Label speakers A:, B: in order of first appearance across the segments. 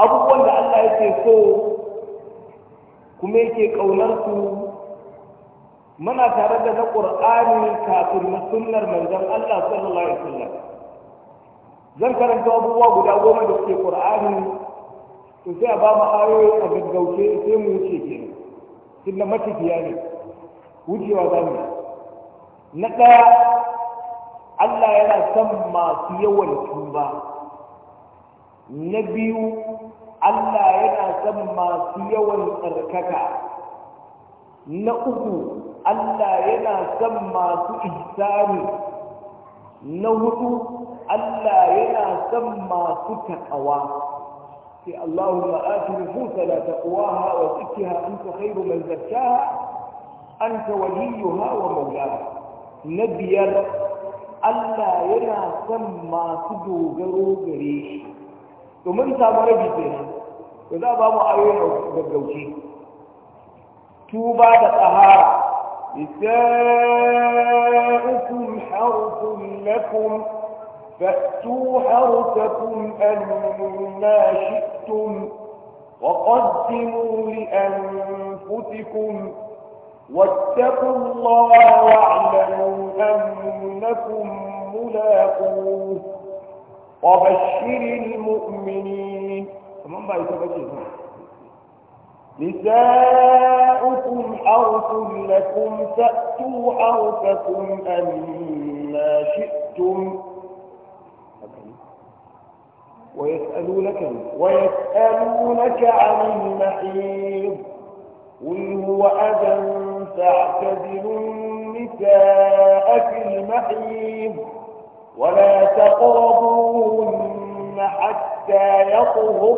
A: abubuwan da Allah yake so kuma yake ƙaunar su muna tare da na ƙur'ani kafin na sunnar manzon Allah sallallahu alaihi wasallam zan karanta abubuwa guda goma da suke ƙur'ani to sai a ba mu ayoyi a gaggauce sai mu wuce kenan tunda matafiya ne wucewa za mu na ɗaya Allah yana son masu yawan tuba na biyu Allah yana son masu yawan tsarkaka na uku Allah yana son masu ihsani na hudu Allah yana son masu takawa sai Allahumma ati nufusana taqwaha wa zakkiha ta khairu man An anta waliyuha wa mawlaha na biyar Allah yana son masu dogaro gare shi to mun samu rabi kenan to za ba mu ayo na gaggauce tuba da tsahara إساءكم حرث لكم فأتوا حرثكم أنما شئتم وقدموا لأنفسكم واتقوا الله واعلموا أنكم ملاقوه وبشر المؤمنين ومن بقى يتبشر نساؤكم حرث لكم فأتوا حرثكم ما شئتم ويسألونك ويسألونك عن المحيض قل هو أذى فاعتزلوا النساء في المحيض ولا تقربوهن حتى يطهر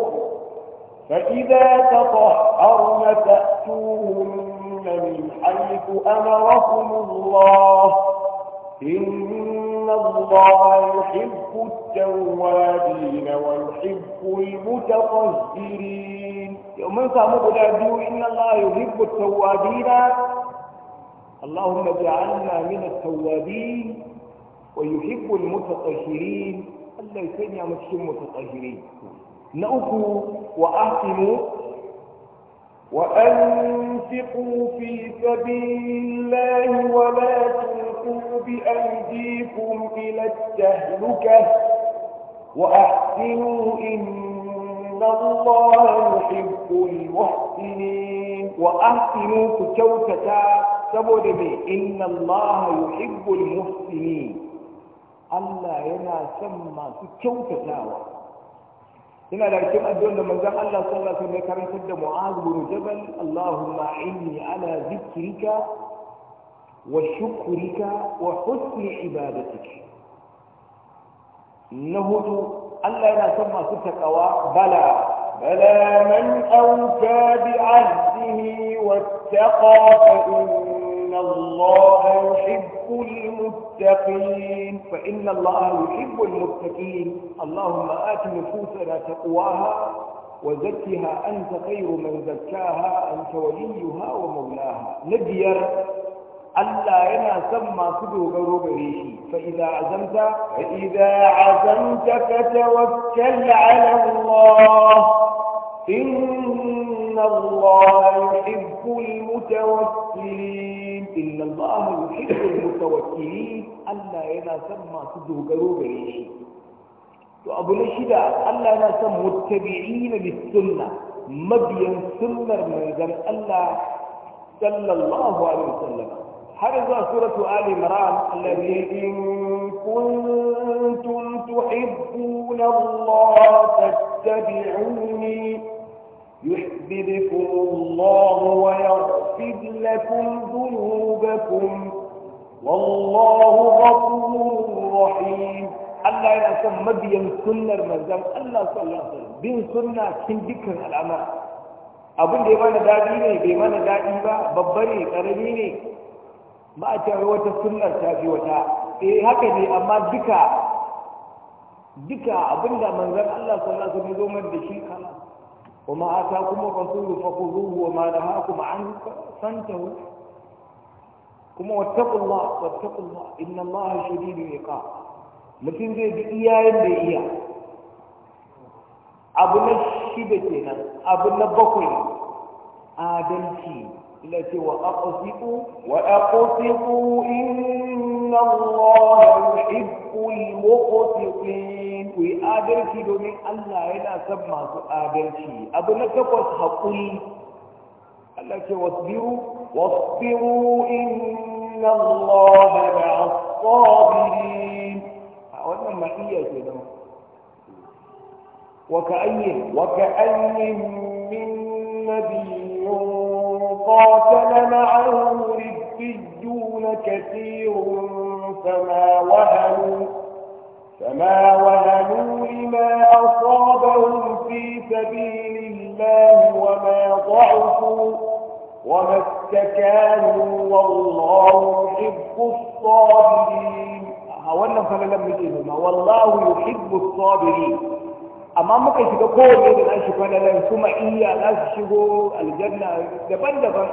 A: فإذا تطهرن فأتوهن من حيث أمركم الله إن الله يحب التوابين ويحب المتطهرين يوم سامو قدا إن الله يحب التوابين اللهم اجعلنا من التوابين ويحب المتطهرين الله يسمي مسلم متطهرين نأكو وأحسنوا وأنفقوا في سبيل الله ولا تلقوا بأيديكم إلى التهلكة وأحسنوا إن الله يحب المحسنين وأحسنوا كتوتة سبب إن الله يحب المحسنين Allah yana son masu kyautatawa ina da cikin addu'ar da manzon Allah sallallahu alaihi wasallam ya karanta da Mu'adh bin Jabal Allahumma inni ala zikrika wa shukrika wa husni ibadatik na Allah yana son masu takawa bala bala man awka bi'ahdihi wattaqa fa إن الله يحب المتقين فإن الله يحب المتقين اللهم آت نفوسنا تقواها وزكها أنت خير من زكاها أنت وليها ومولاها نبير ألا ينا سمى صدوق ربريشي فإذا عزمت فإذا عزمت فتوكل على الله إن الله يحب المتوكلين إن الله يحب المتوكلين ألا ينا سمع صدق غريش وأبو نشدة ألا إذا سمع متبعين للسنة مبيا سنة من الله صلى الله عليه وسلم هذا سورة آل مران الذي إن كنتم تحبون الله فاتبعوني يحببكم الله ويغفر لكم ذنوبكم والله غفور رحيم الله yana son mabiyan sunnar manzon Allah sallallahu alaihi wasallam bin sunna cikin dukkan al'amura abin da ya mana dadi ne bai mana daɗi ba babba ne karami ne ba a wata sunnar ta fi wata eh haka ne amma duka duka abin da Allah وما آتاكم الرسول فخذوه وما نهاكم عنه فانتهوا كما واتقوا الله واتقوا الله إن الله شديد العقاب mutum zai bi iya yadda iya abu na shida kenan abu na bakwai adalci التي وأقسطوا وأقسطوا إن الله يحب المقسطين وآدلتي دومين الله هنا سمى آدلتي أبو نكبس وسخطي التي واصبروا واصبروا إن الله مع الصابرين أولا ما هي كده وكأي وكأي من نبي قاتل معه ربيون كثير فما وهنوا فما وهنوا لما أصابهم في سبيل الله وما ضعفوا وما استكانوا والله يحب الصابرين أولا آه، فلنمجئهم والله يحب الصابرين amma muka shiga kowanne da nashi fadalar kuma iya za su shigo aljanna daban-daban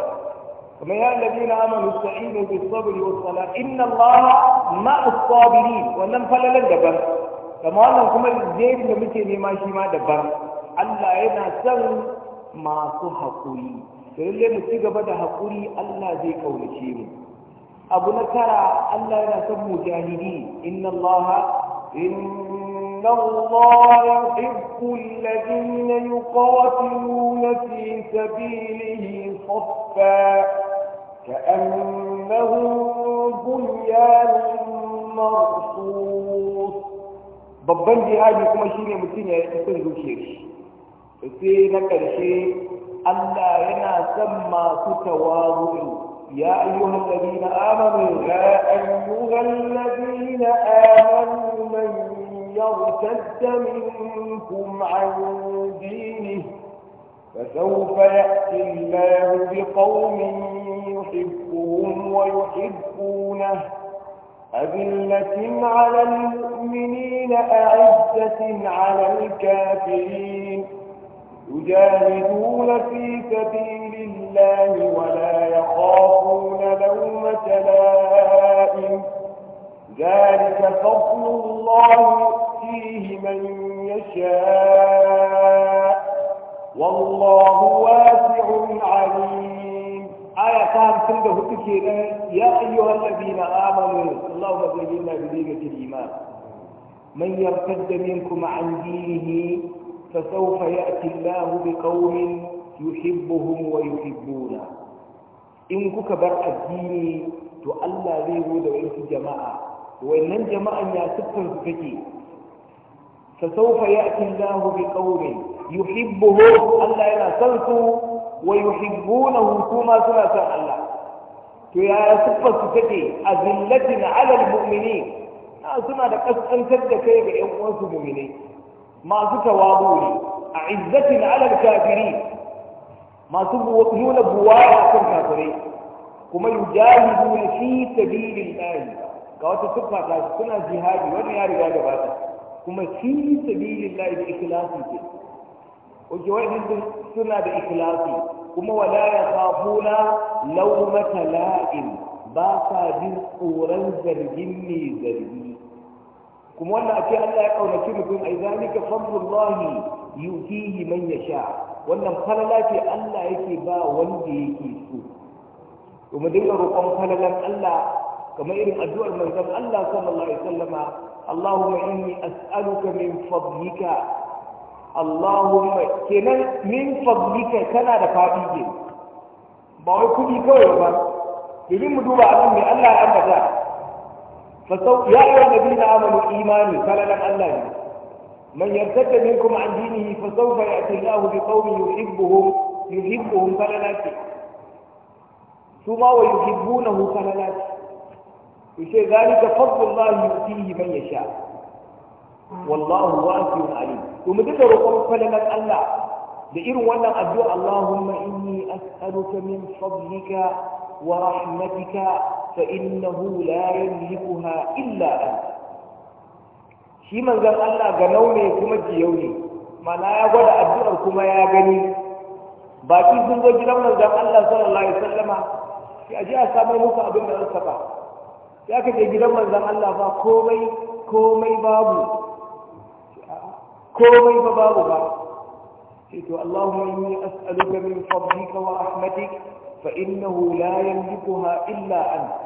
A: kuma ya labi na amanu sa'inu bi yi wa sala inna Allah ma as wannan falalar daban Kama wannan kuma jerin da muke nema shi ma daban Allah yana son masu haƙuri to lalle mu ci gaba da haƙuri Allah zai kaunace mu abu na tara Allah yana son mujahidi inna Allah in الله يحب الذين يقاتلون في سبيله صفا كأنهم بنيان مرصوص babban jihadi kuma shine mutum ya yi son zuciyar sai na ƙarshe Allah yana son masu tawazu ya ayyuhal ladina amanu ya ayyuhal ladina amanu man يرتد منكم عن دينه فسوف يأتي الله بقوم يحبهم ويحبونه أذلة على المؤمنين أعزة على الكافرين يجاهدون في سبيل الله ولا يخافون لومة لائم ذلك فضل الله فيه من يشاء والله واسع عليم آية كان سنده تكيرا يا أيها الذين آمنوا اللهم زينا بزينة الإيمان من يرتد منكم عن دينه فسوف يأتي الله بقوم يحبهم ويحبونه إن kuka الدين تؤلى به Allah الجماعة وإن da wasu jama'a wannan jama'an فسوف يأتي الله بقوم يحبهم الله ينسلسوا ويحبونه كما سنة الله فيا سفة تتي أذلة على المؤمنين سنة لقد أنتد كيف يقوص المؤمنين ما ستوابوني أعزة على الكافرين ما سبوطنون بواعة الكافرين كما يجاهدون في سبيل الله قوات السفة تتي سنة جهادي وانا يا رجال باتا kuma fi sabilillahi da ikhlasi ke oke wa'idin suna da ikhlasi kuma wala ya na lawmata la'in ba sa jin tsoron zargin mai zargi kuma wannan ake Allah ya kaunaci mutum ai zalika fadlullahi yutihi man yasha wannan falala ce Allah yake ba wanda yake so kuma dinga roƙon falalan Allah kamar irin addu'ar mai manzon Allah sallallahu alaihi wasallama Allahumma inni as'aluka min fadlika Allahumma kenan min fadlika kana da fadi ke ba wai kuɗi kawai ba domin mu duba abin mai Allah ya ambata
B: fa sau ya ayyuhan nabiyina amanu imani
A: kalalan Allah ne من يرتد منكم عن دينه فسوف يأتي الله بقوم يحبهم يحبهم فلا ناتي ثم ويحبونه فلا ناتي yace zalika fadlullahi yutihi man yasha
B: wallahu wasi'un alim
A: to mu duka roƙon falalan Allah da irin wannan addu'a Allahumma inni as'aluka min fadlika wa rahmatika fa innahu la yamlikuha illa anta shi manzon Allah ga ne kuma jiyau ne mana ya gwada addu'ar kuma ya gani baki sun zo gidan manzon Allah sallallahu alaihi wasallama sai a je a samar muku abin da zan saba sai aka je gidan manzan Allah ba komai komai babu komai ba babu ba sai to Allahumma inni as'aluka min fadlika wa rahmatik fa innahu la yamlikuha illa anta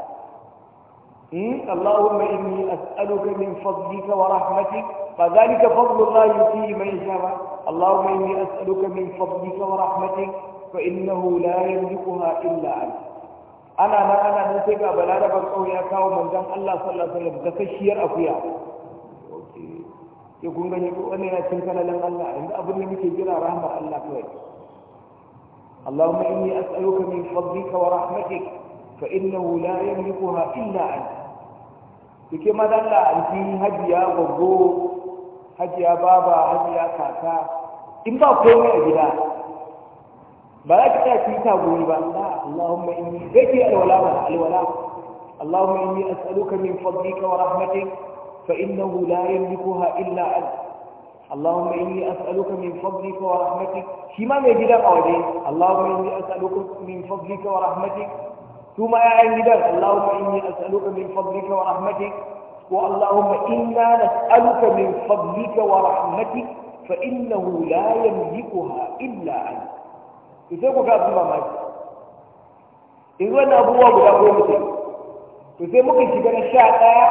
A: اللهم إني أسألك من فضلك ورحمتك فذلك فضل الله يؤتيه من يشاء اللهم إني أسألك من فضلك ورحمتك فإنه لا يملكها إلا أنت ana nan ana nan sai ga balaraban ƙauye ya kawo manzon Allah sallallahu alaihi wasallam gasasshiyar akuya ke kun gani wannan yana cin kanalan Allah inda abin da muke jira rahmar Allah kawai اللهم إني أسألك من فضلك ورحمتك فإنه لا يملكها إلا أنت yake madalla an fi hajiya gwaggo hajiya baba hajiya kaka in ba komai a gida ba za ki tsaya ki ta goyi ba la allahumma inni sai ki alwala ba alwala allahumma inni as'aluka min fadlika wa rahmatik fa innahu la yamlikuha اللهم إني أسألك من فضلك ورحمتك كما يجد قولي اللهم إني أسألك من فضلك ورحمتك ثم يا عند اللهم إني أسألك من فضلك ورحمتك واللهم إنا نسألك من فضلك ورحمتك فإنه لا يملكها إلا أنت to sai ku ga abin mamaki in wannan abubuwa guda goma ce to sai muka shiga na sha ɗaya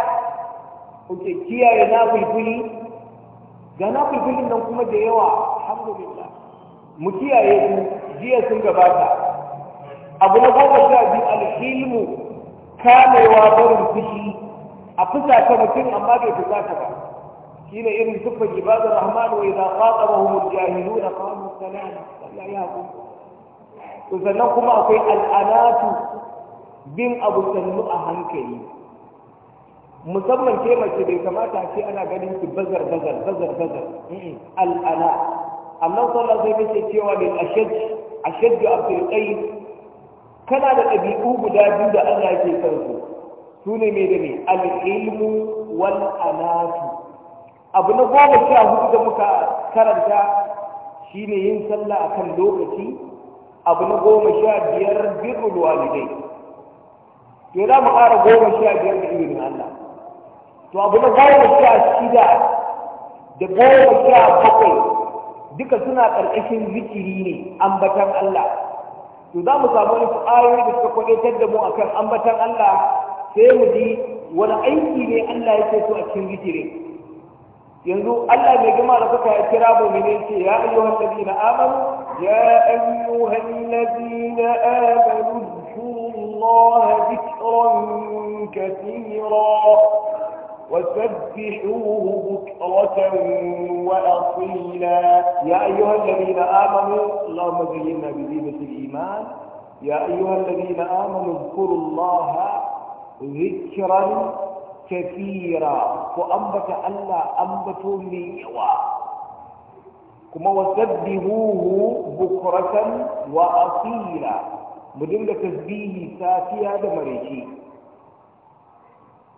A: kuke kiyaye na fulfuli ga na fulfulin nan kuma da yawa alhamdulillah mu kiyaye su jiya sun gabata abu na goma sha biyu alhilmu kamewa barin fushi a fusata mutum amma bai fusata ba shine irin sufan ibadar rahman wa idza qatabahum aljahiluna qalu salama Allah ya hakuri to sannan kuma akwai al'anatu. bin abu sannu a hankali musamman ke mace bai kamata a ce ana ganin ki bazar bazar bazar bazar al'ana annan sallah zai mace cewa lil ashaj ashaj abdul qayyim kana da ɗabi'u guda biyu da Allah yake son su sune me da me al-ilmu wal anatu abu na goma sha hudu da muka karanta shine yin sallah akan lokaci abu na goma sha biyar birrul walidai to za mu ƙara goma sha biyar da ilimin Allah to abu na goma sha shida da goma sha bakwai duka suna ƙarƙashin zikiri ne ambatan Allah to za mu samu wani ayoyi da suka kwadatar da mu akan ambatan Allah sai mu ji wani aiki ne Allah yake so a cikin zikirin yanzu Allah mai gama da kuka ya kira mu ne ce ya ayyuhal ladina amanu يا أيها الذين آمنوا اذكروا الله ذكرا كثيرا وسبحوه بكرة وأصيلا يا أيها الذين آمنوا اللهم زينا بزينة الإيمان يا أيها الذين آمنوا اذكروا الله ذكرا كثيرا وأنبت ألا أنبتوا لي kuma wasabbihuhu bukratan wa asila mudin da tasbihi safiya da mareki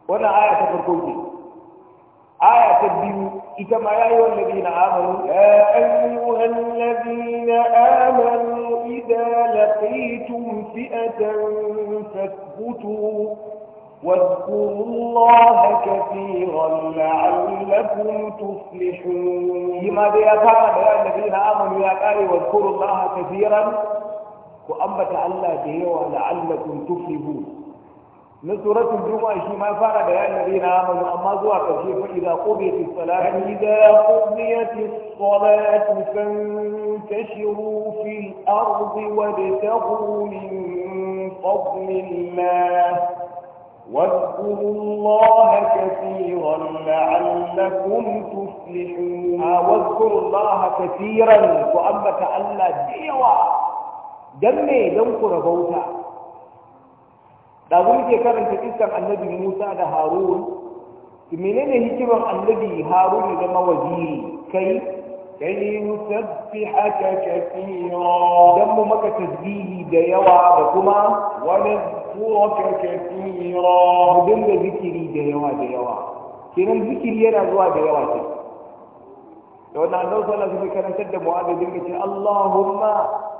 A: wannan aya ta farko ce aya ta biyu ita ma yayi ladina amanu ya ayyuhal ladina amanu idza laqitum fi'atan fathbutu واذكروا الله كثيرا لعلكم تفلحون فيما دي أتانا الذين آمنوا يا قاري واذكروا الله كثيرا وأنبت الله ديوا لعلكم تفلحون من سورة الجمعة ما فعل يا الذين آمنوا أما زوا كثير فإذا قضيت الصلاة فإذا قضيت الصلاة فانتشروا في الأرض وابتغوا من فضل الله واذكروا الله كثيرا لعلكم تفلحون واذكروا الله كثيرا وأمك ألا ديوا دمي دمكر بوتا da mun ke karanta iskar annabi Musa da Harun menene hikimar annabi Harun da mawaziri kai كي نسبحك كثيرا دم مك تزبيه ديوى عبكما ونذكرك كثيرا دم ذكري ديوى ديوى كنا الذكر ينا زوى ديوى لو أن الله صلى الله عليه وسلم تد اللهم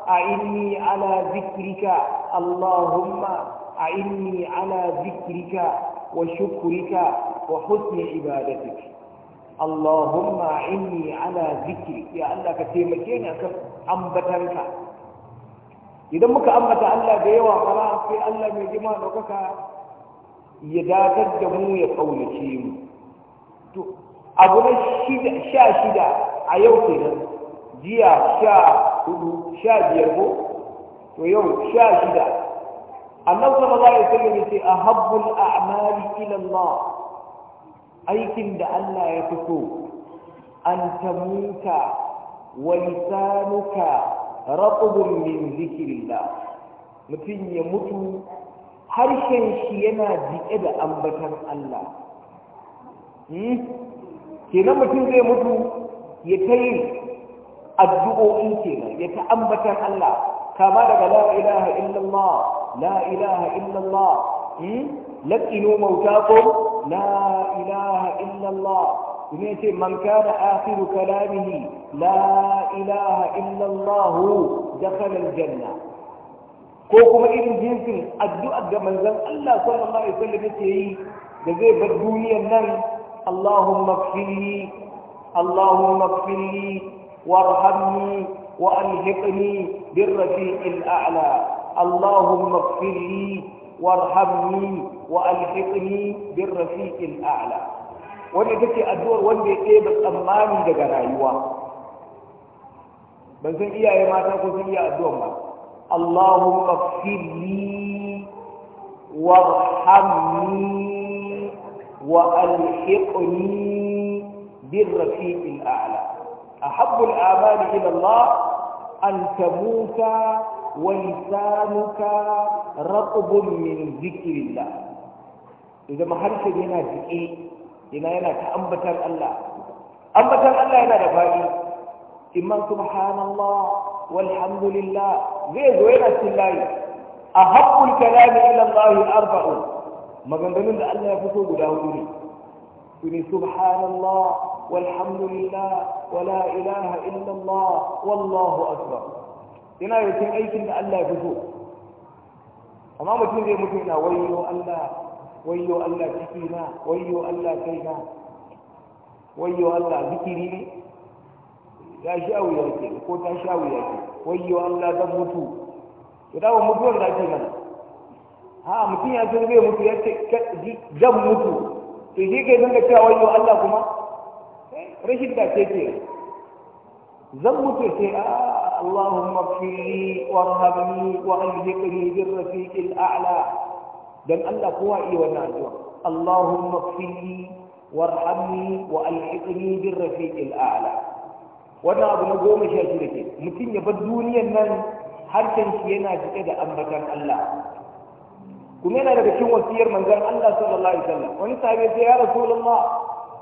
A: أعني على ذكرك اللهم أعني على ذكرك وشكرك وحسن عبادتك Allahumma inni ala zikri ya Allah ka taimake ni akan ambatanka idan muka ambata Allah da yawa fara sai Allah mai jima ɗaukaka ya dakar da mu ya kaunace mu to abu na sha shida a yau kenan jiya sha hudu sha biyar ko to yau sha shida annabi sallallahu alaihi wasallam yace ahabbul a'mali ila Allah aikin da Allah ya fito an tamuka wa lisanuka raqbun min zikrillah mutum ya mutu harshen shi yana jike da ambatan Allah hmm? kenan mutum zai mutu ya ta yi addu'o'i kenan ya ta ambatan Allah kama daga la ilaha illallah la ilaha illallah hmm? laqinu mautakum لا إله إلا الله يميتي من كان آخر كلامه لا إله إلا الله دخل الجنة ko kuma irin jinsin addu'ar da manzon Allah sallallahu alaihi wasallam yake yi da zai bar duniyar nan Allahumma kfirli Allahumma kfirli warhamni wa alhiqni birrafiqil a'la Allahumma kfirli warhamni wa alhiqni bin rafiqil a'la wanda take addu'ar wanda ya ɗeba tsammani daga rayuwa ban san iyaye mata ko sun iya addu'ar ba Allahumma fili warhamni wa alhiqni bin rafiqil a'la ahabbul amali ila Allah an tamuta ولسانك رطب من min الله ya harshen yana jiƙe ina yana ta ambatar Allah ambatar Allah yana da faɗi imman subhanallah walhamdulillah zai zo yana cikin layi a haƙƙul kalami ila Allah arba'u. maganganun da Allah ya fito guda hudu ne ne subhanallah walhamdulillah wala ilaha illallah wallahu akbar Ina yakin aikin da Allah ya fito amma mutum zai mutu yana wayo Allah wayyo Allah ciki na wayyo Allah kai na wayyo Allah zikiri ne ya sha wuya ke ko ta sha wuya ke wayyo Allah zan mutu to dawo mutuwar da ake nan ha mutum ya ce zai mutu ya ce zan mutu to shi kai dinga cewa wayyo Allah kuma rashin da ce ke zan mutu sai a اللهم اغفر لي وارحمني واهلكني بالرفيق الاعلى dan Allah kowa iya wannan addu'a Allahumma ighfirli warhamni wa alhiqni bir rafiqil a'la wannan abu na goma sha shida ke mutum ya bar duniyar nan harshen shi yana cike da ambatan Allah kuma yana daga cikin wasiyar manzon Allah sallallahu alaihi wasallam wani sahabi sai ya rasulullah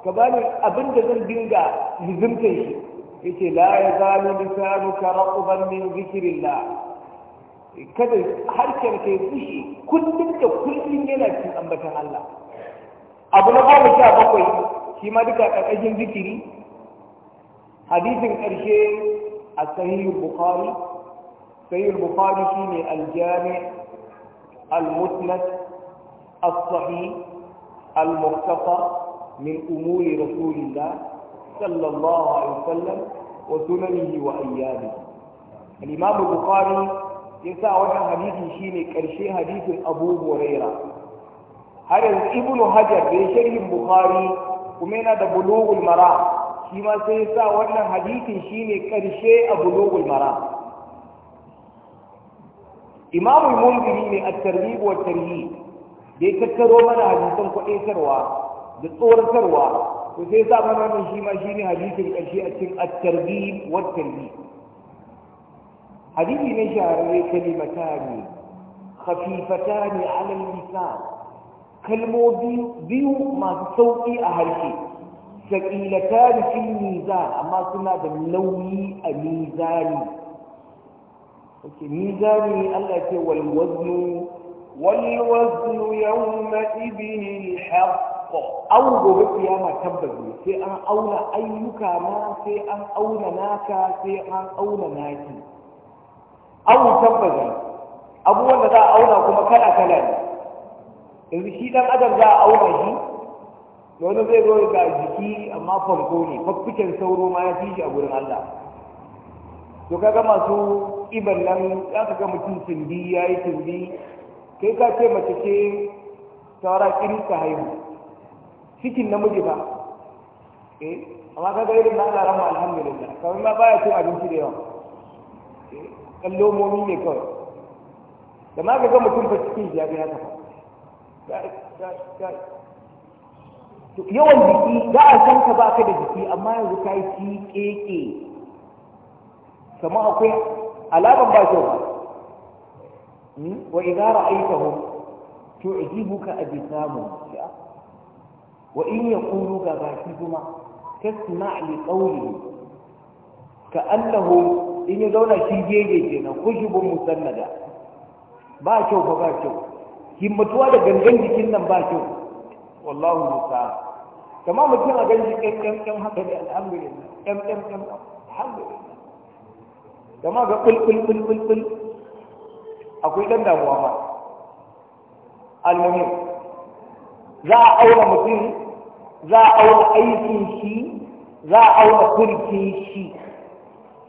A: ka bani abin da zan dinga lizimtar shi yace la yazalu lisanuka raqban min dhikrillah kada harkar ka fushi kullum da kullum yana cikin ambatan Allah abu na goma sha bakwai shi ma duka ƙarƙashin zikiri hadisin ƙarshe a sahihul bukhari sahihul bukhari shine al-jami al-musnad as-sahih al-muqtafa min umuri rasulillah sallallahu alaihi wasallam wa sunanihi wa ayyamihi al-imam al-bukhari sa wannan hadisi shine ƙarshe hadisin Abu Huraira har yanzu Ibn Hajar da sharhin Bukhari kuma yana da Bulughul Mara shi ma sai sa wannan hadisin shine ƙarshe a Bulughul Mara Imam al-Munziri ne at wa tarhib da ya tattaro mana hadisan kwadaitarwa da tsoratarwa to sai sa mana wannan shi ma hadisin ƙarshe a cikin at-Targhib wa hadisi ne shahararre kalimata ne khafifata ne lisan kalmomi biyu masu sauƙi a harshe saƙilata da fil mizan amma suna da nauyi a mizani okay mizani Allah ce wal waznu wal waznu yawma ibn al au gobe kiyama tabbaci sai an auna ayyuka na sai an auna naka sai an auna naki
B: awu tabbazin
A: abubuwan da za a auna kuma kala kala ne yanzu shi dan adam za a auna shi da wani zai zo ga jiki amma farko ne faffiken sauro ma ya fi shi a gurin Allah to kaga masu iban nan za ka ga mutum tumbi ya yi tumbi kai ka ce mace ce saura kiri ka haihu cikin namiji ba eh amma kaga irin na Allah rahma alhamdulillah kawai ma baya cin abinci da yawa eh, ɗan lomomi ne kawai da ma ga mutum fa cikin ya ga ya tafa yawan jiki za a san ka ba ka da jiki amma yanzu ka yi ci keke kamar akwai alaman ba kyau ba hmm? wa to idza ka tu'jibuka ajsamu wa in ya yaqulu ga baki kuma tasma' li Ka ka'annahu in ya zauna shi gege kenan kushubun musannada ba kyau ba ba kyau himmatuwa da gangan jikin nan ba kyau wallahu musa kama mutum a ganji ƙyan ƙyan ƙyan haka da alhamdulillah ƙyan ƙyan ƙyan alhamdulillah kama ga ƙulƙul ƙulƙul ƙul akwai ɗan damuwa ma almuhim za a aura mutum za a aura aikin shi za a auna kurkin shi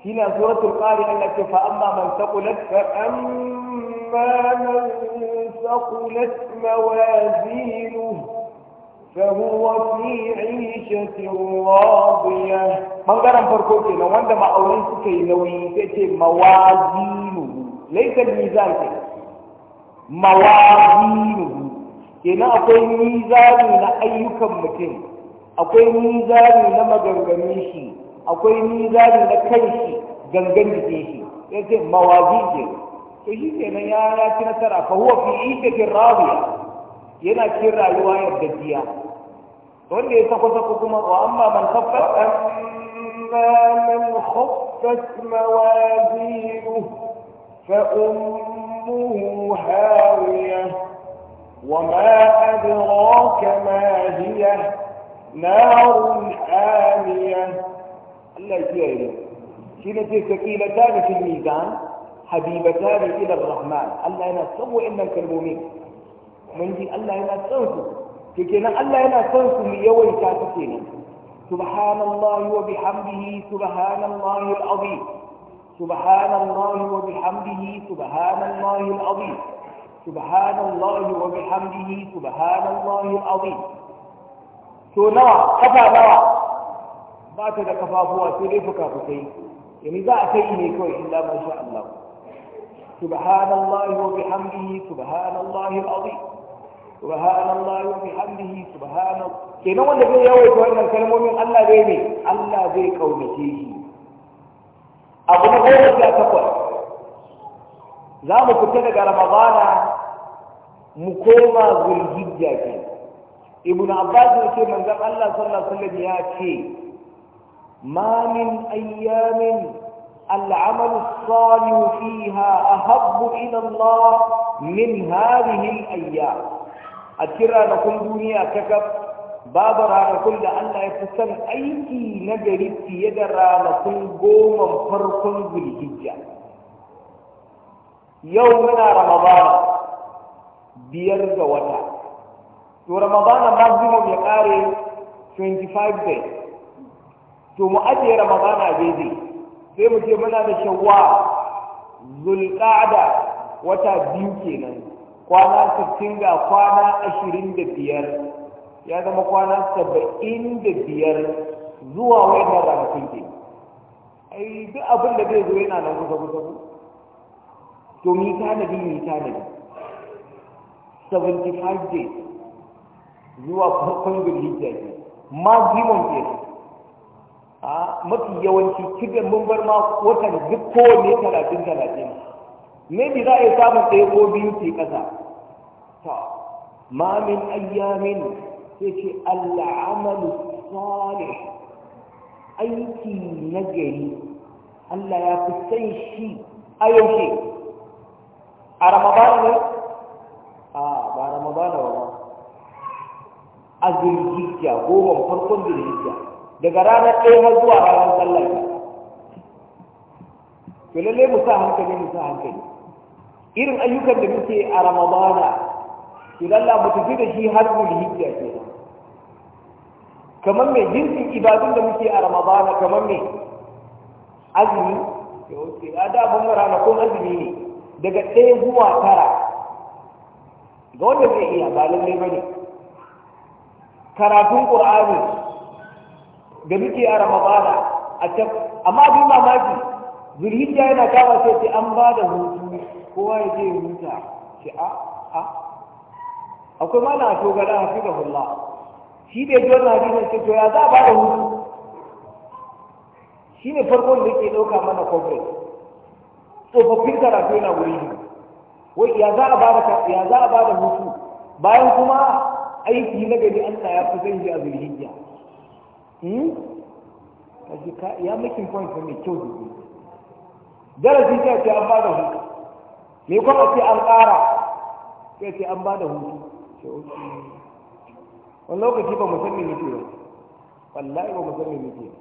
A: هنا سورة qari التي فأما من ثقلت فأما من ثقلت موازينه فهو في عيشة راضية بانغارن فرقو كينا واندا ما أولين سكي نوي تيتي موازينه ليس الميزان كينا موازينه كنا أقول ميزان من أيكم مكين أقول ميزان لما جرغميشي akwai mizani na kan shi gangan jikin shi ya ce mawazi ke to shi ke nan ya ya ci nasara fa huwa fi ikatin rawiya yana ci rayuwa ya jiya wanda ya sako sako kuma wa amma man khaffat amma man khaffat mawazinuhu fa ummuhu hawiya وما أدراك ما هي نار حامية الذي شنو دي ثقيلتان في الميزان حبيبتان الى الرحمن الله انا سبو ان الكلبومي من دي الله انا سبو كينا الله انا سبو مي يوي تاسكين سبحان الله وبحمده سبحان الله العظيم سبحان الله وبحمده سبحان الله العظيم سبحان الله وبحمده سبحان الله العظيم سنوى حتى نوى ba ta da kafafuwa sai dai fuka-fukai yani za a kai ne kawai illa ma sha Allah subhanallahi wa bihamdihi subhanallahi al-azim subhanallahi wa bihamdihi subhanallahi kenan wanda zai yawaita wannan kalmomin Allah zai ne Allah zai kaunace shi abu na goma sha takwas za mu fita daga ramadana mu koma zulhijja ke ibn abbas ya ce manzon Allah sallallahu alaihi wasallam ya ce ما من أيام العمل الصالح فيها أهب إلى الله من هذه الأيام أذكر أن كل دنيا كتب باب رانا كل أن يفسن أي نجر في يد رانا قوم فرق بالهجة يومنا رمضان بيرجوتا ورمضان ما يقاري 25 days to mu ajiye ramadana daidai sai mu ce muna da shawwa zulqa'da wata biyu kenan kwana 60 ga kwana ashirin da biyar ya zama kwana saba'in da biyar zuwa wannan ranakun ke ai duk abin da zai zo yana nan kusa kusa to mi tanadi mi tanadi 75 days zuwa farkon gulhijja ke maximum kenan a mafi yawanci kidan mun bar ma watan duk kowane talatin talatin maybe za a yi samun ɗaya ko biyu ke ƙasa to mamin min ayyamin sai ce al'amalu salih aiki na gari Allah ya fi san shi a yaushe a ramadana ne a ba ramadana ba a zulhijja goma farkon zulhijja daga ranar ɗaya har zuwa ranar sallar to lallai mu sa hankali mu sa hankali irin ayyukan da muke a ramadana to lalla mu tafi da shi har mu hijja ke kamar mai jinsin ibadun da muke a ramadana kamar mai azumi ya wuce a da rana ranakun azumi ne daga ɗaya zuwa tara ga wanda zai iya ba lallai ba ne karatun ƙur'ani Ga muke a ramadana a can amma bi mamaki zulhijja yana kawo sai ce an ba da hutu kowa ya je huta ce a a akwai mana a togara hafi da hulla shi ne ji wannan hadisin ce to ya za a ba da hutu shi ne farkon da ke ɗauka mana kofin tsofaffin karatu yana wuri ne wai ya za a bada ya za a da hutu bayan kuma aiki na gani Allah ya fi zai a zulhijja Hmm? ya makin point mai kyau da darasi ta ce an ba da hutu me kuma ce an ƙara Ta ce an ba da hutu wani lokaci ba musamman nake ba wallahi ba musamman nake ba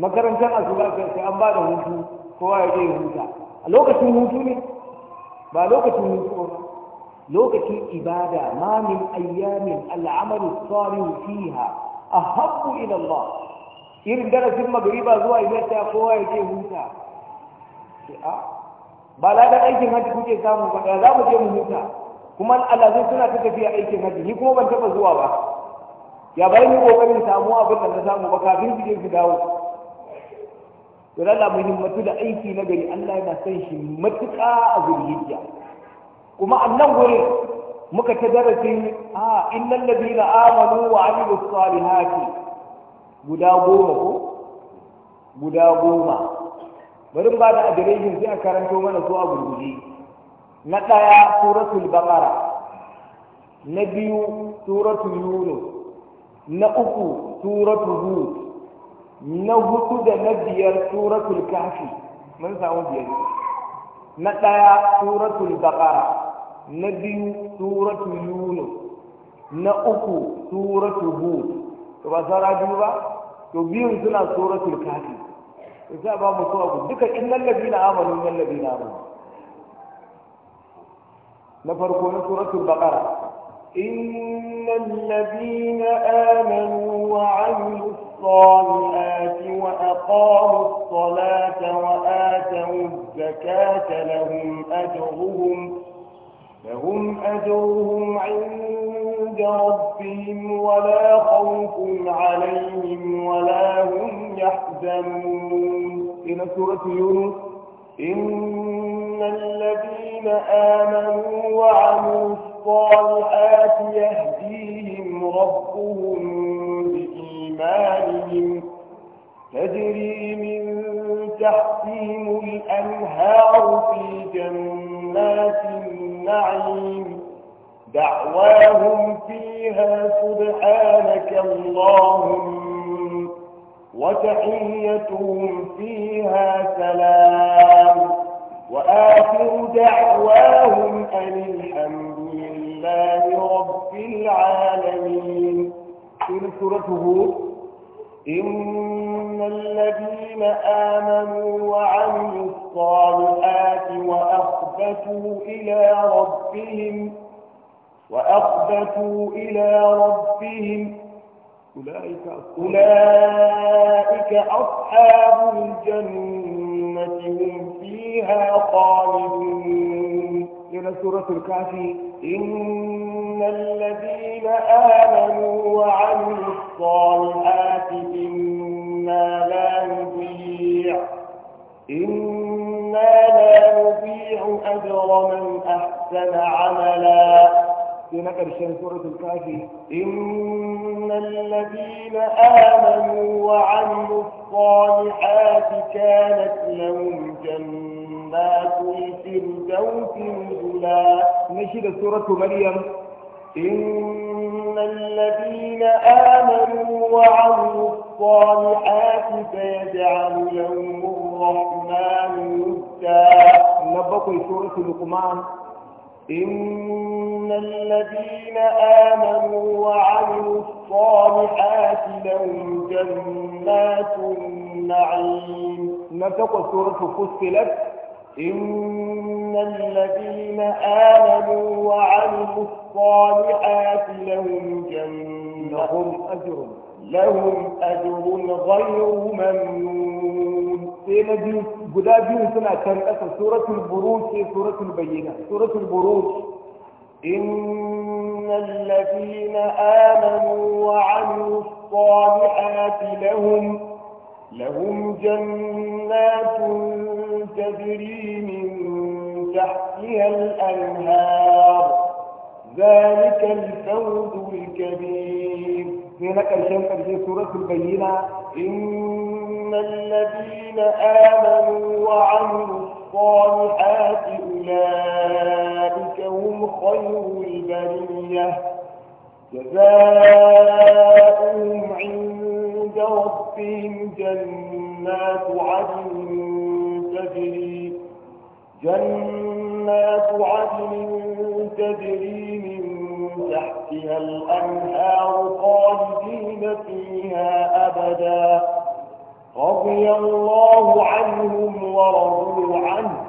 A: makarantar a ta ce an ba da hutu kowa ya zai huta a lokacin hutu ne ba lokacin hutu ba lokacin ibada ma min ayyamin al'amalu salihu fiha ahabbu ila Allah irin darasin magriba zuwa ibada kowa ya huta sai a ah, ba la da aikin haji kuke samu ba da za mu je mu huta kuma alazai suna ta tafiya aikin haji ni kuma ban taba zuwa ba ya bari ni kokarin samu abin da na samu ba kafin su je su dawo to Allah muhimmatu da aiki na gari Allah yana son shi matuƙa a zuriyya kuma annan gurin muka ta darasi a ah, innal na amalu wa tsari haki guda goma ko guda goma bari ba da adireshin sai a karanto mana su a gurguje na ɗaya suratul bakara, na biyu suratul yunus na uku suratul hud na hudu da na biyar suratul kafi mun samu biyar na ɗaya suratul bakara. na biyu suratu yunus na uku suratu hud to ba sara biyu ba to biyun suna suratul kafi to sai ba mu so abu duka innal ladina amanu innal ladina amanu na farko na suratul baqara إن الذين آمنوا وعملوا الصالحات وأقاموا الصلاة وآتوا الزكاة لهم أجرهم أجرهم عند ربهم ولا خوف عليهم ولا هم يحزنون إلى سورة يونس إن الذين آمنوا وعملوا الصالحات يهديهم ربهم بإيمانهم تجري من تحتهم الأنهار في جنات النعيم دعواهم فيها سبحانك اللهم وتحيتهم فيها سلام وآخر دعواهم أن الحمد لله رب العالمين في سورة هود إن الذين آمنوا وعملوا الصالحات وأخبتوا إلى ربهم وأخبتوا إلى ربهم أولئك أصحاب, أولئك أصحاب الجنة هم فيها خالدون إلى سورة الكافي إن الذين آمنوا وعملوا الصالحات إنا لا نضيع إنا لا نضيع أجر من أحسن عملاً إن كرشان سورة الكافي إن الذين آمنوا وعملوا الصالحات كانت لهم جنات الفردوس نزلا نشد سورة مريم إن الذين آمنوا وعملوا الصالحات سيجعل لهم الرحمن ودا نبقي سورة لقمان إن الذين آمنوا وعملوا الصالحات لهم جنات النعيم نفق سورة فصلت إن الذين آمنوا وعملوا الصالحات لهم جنات لهم أجر لهم أجر غير ممنون sai na biyu guda biyu suna can ƙasa suratul buruj sai suratul bayyina suratul buruj إن الذين آمنوا وعملوا الصالحات لهم لهم جنات تجري من تحتها الأنهار ذلك الفوز الكبير سينا كرشان كرشان سورة البينة إن الذين آمنوا وعملوا الصالحات أولئك هم خير البرية جزاؤهم عند ربهم جنات عدن تجري جنات عدن تجري من تحتها الأنهار خالدين فيها أبدا رضي الله عنهم ورضوا عنه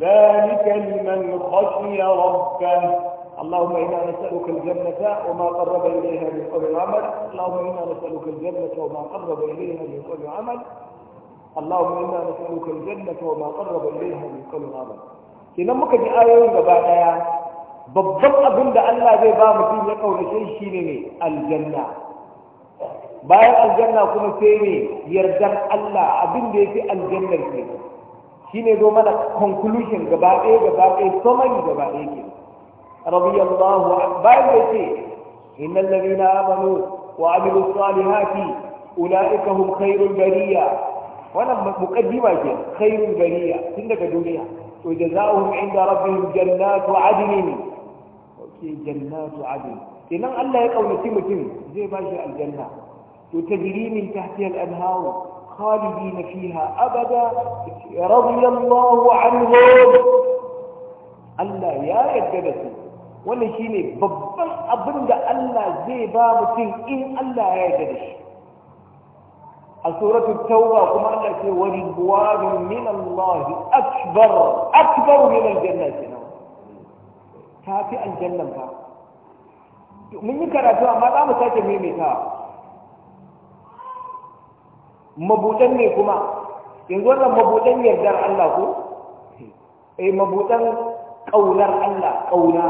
A: ذلك لمن خشي ربه اللهم إنا نسألك الجنة وما قرب إليها من كل عمل اللهم إنا نسألك الجنة وما قرب إليها من كل عمل اللهم إنا نسألك الجنة وما قرب إليها من كل عمل إذا مكة آية بعد babban abin da Allah zai ba mutum ya kaunace shi ne ne aljanna bayan aljanna kuma sai ne yardar Allah abin da ya fi aljannar ke shi ne zo mana conclusion gaba ɗaya gaba ɗaya summary gaba ɗaya ke radiyallahu bayan da ce innal ladina amanu wa amilus salihati ulaika hum khairul bariya wannan muqaddima ke khairul bariya tun daga duniya to jazaohum inda rabbihim jannatu adnin ce jannatu adin idan Allah ya kaunaci mutum zai ba shi aljanna to tajri min tahtiha al-anharu khalidin fiha abada radiyallahu anhum Allah ya yarda da su wannan shine babban abin da Allah zai ba mutum in Allah ya yarda da shi a suratul tauba kuma Allah ce wa ridwanun min Allah akbar akbar min al-jannati ta fi aljannan ba mun yi karatu amma za mu sake maimaitawa mabudan ne kuma yanzu wannan mabudan yardar Allah ko eh mabudan kaunar Allah kauna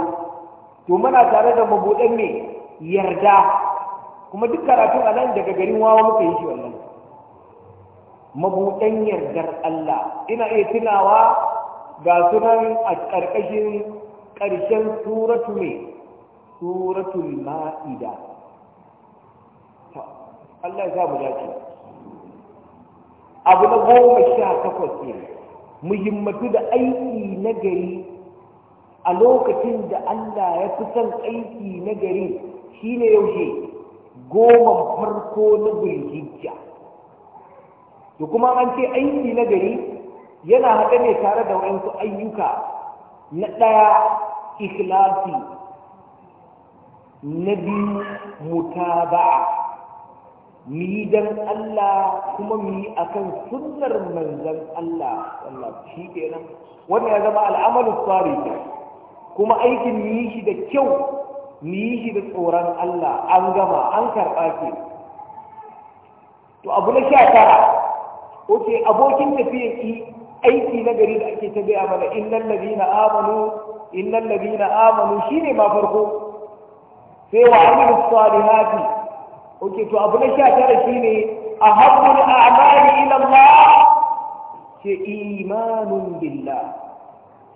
A: to muna tare da mabudan ne yarda kuma duk karatu a nan daga garin wawa muka yi shi wannan mabudan yardar Allah ina iya tunawa ga sunan a ƙarƙashin ƙarshen suratu ne suratu ma'ida Allah ya mu dace abu na goma sha takwas ne muhimmatu da aiki na gari a lokacin da Allah ya fi son aiki na gari shine yaushe goma farko na birgijiya Da kuma an ce aiki na gari yana haɗe ne tare da wayansu ayyuka na ɗaya ikilasi na biyu mutaba'a mu yi don Allah kuma mu yi a kan sunnar manzan Allah sallallahu shi kenan wannan ya zama al'amalu salih kuma aikin mu yi shi da kyau mu yi shi da tsoron Allah an gama an karɓa ke to abu na sha tara oke abokin tafiya ki أي في نجري ذلك تبي أمنا إن الذين آمنوا إن الذين آمنوا شيني ما فرقوا في وعمل الصالحات أوكي تو أبنى شاكرا شيني أحب الأعمال إلى الله شي إيمان بالله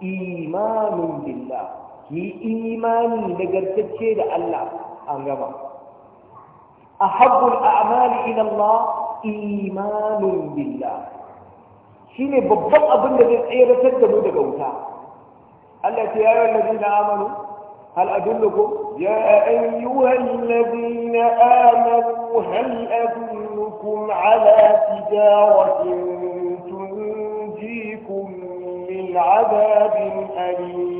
A: إيمان بالله هي إيمان نجرت شيء ان أنجب أحب الأعمال إلى الله إيمان بالله shine babban abin da zai tseratar da mu daga wuta Allah ta yayar ladina amanu hal adullukum ya ayyuhal ladina amanu hal adullukum ala tijaratin tunjikum min adabin alim